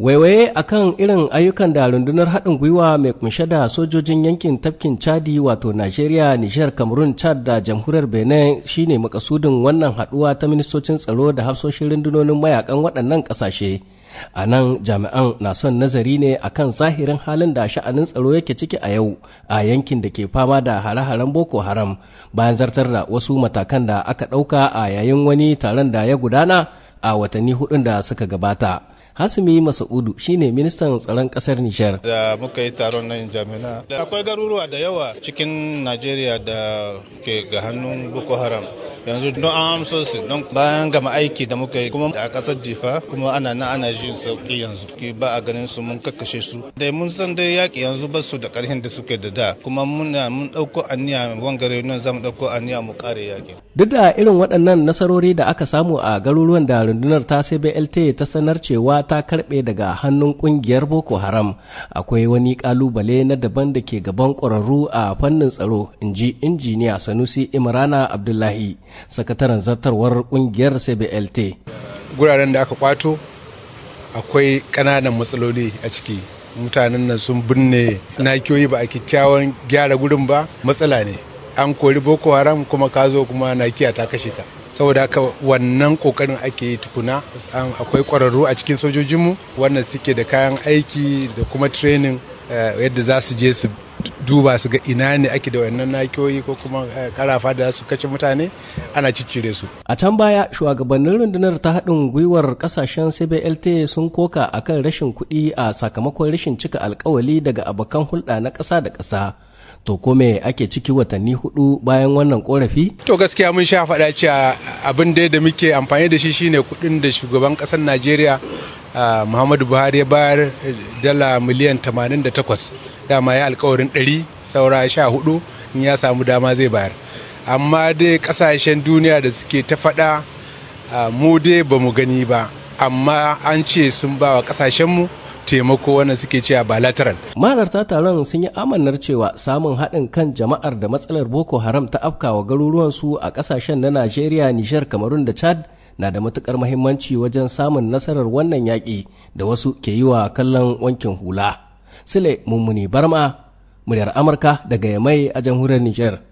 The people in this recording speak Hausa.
waiwaye kan irin ayyukan da rundunar haɗin gwiwa mai kunshe da sojojin yankin tafkin chadi wato najeriya Niger, cameroon chad da jamhuriyar benin shine makasudin wannan haɗuwa ta ministocin tsaro da hafsoshin rundunonin mayakan waɗannan ƙasashe a nan jami'an na son nazari ne a kan zahirin halin da sha'anin tsaro yake ciki a yau a yankin da ke fama da hare-haren boko haram bayan zartar da wasu matakan da aka ɗauka a yayin wani taron da ya gudana a watanni hudun da suka gabata Hasumi Masaudu shine ministan tsaron kasar Nijar. Da muka yi taron nan jami'a Akwai garuruwa da yawa cikin Najeriya da ke ga hannun Boko Haram. yanzu don an amso su don bayan gama aiki da muka yi kuma a kasar difa kuma ana na ana jin sauki yanzu ki ba a ganin su mun kakkashe su dai mun san dai yaki yanzu ba su da karhin da suke da da kuma mun mun dauko aniya wangare nan zamu dauko aniya mu kare yaki duk da irin waɗannan nasarori da aka samu a garuruwan da rundunar ta CBLT ta sanar cewa ta karbe daga hannun kungiyar Boko Haram akwai wani kalubale na daban da ke gaban ƙwararru a fannin tsaro inji injiniya Sanusi Imrana Abdullahi sakataren zartarwar kungiyar cblt guraren da aka kwato akwai ƙananan matsaloli a ciki mutanen nan sun binne nakiyoyi ba a kyakkyawan gyara gurin ba matsala ne an kori boko haram kuma ka zo kuma nakiya ta kashe ka saboda haka wannan kokarin ake yi tukuna akwai kwararru a cikin sojojinmu wannan suke da kayan aiki da kuma training eh, yadda za su je su duba su ga ina ne ake da wannan nakiyoyi ko kuma eh, karafa da su kace mutane ana ciccire su a can baya shugabannin rundunar ta haɗin gwiwar kasashen CBLT sun koka akan rashin kuɗi a sakamakon rashin cika alkawali daga abokan hulɗa na ƙasa da ƙasa to ko me ake ciki watanni hudu bayan wannan korafi to gaskiya mun sha faɗa cewa abin da muke amfani da shi shine kuɗin da shugaban ƙasar Najeriya Ah, muhammadu buhari ya bayar dala miliyan 88 dama ya alkawarin 100 saura 14 in ya samu dama zai bayar amma dai kasashen duniya da suke ta faɗa ah, mu dai ba mu gani ba amma an ce sun ba wa kasashenmu taimako wanda suke cewa bilateral. Mararta taron sun yi amannar cewa samun haɗin kan jama'ar da matsalar Boko Haram ta afkawa garuruwansu a ƙasashen na Najeriya, Nijar, Kamarun da Chad na da matukar mahimmanci wajen samun nasarar wannan yaƙi da wasu ke yi wa kallon wankin hula. Sule Mummuni Barma, muryar Amurka daga Yamai a jamhuriyar Nijar.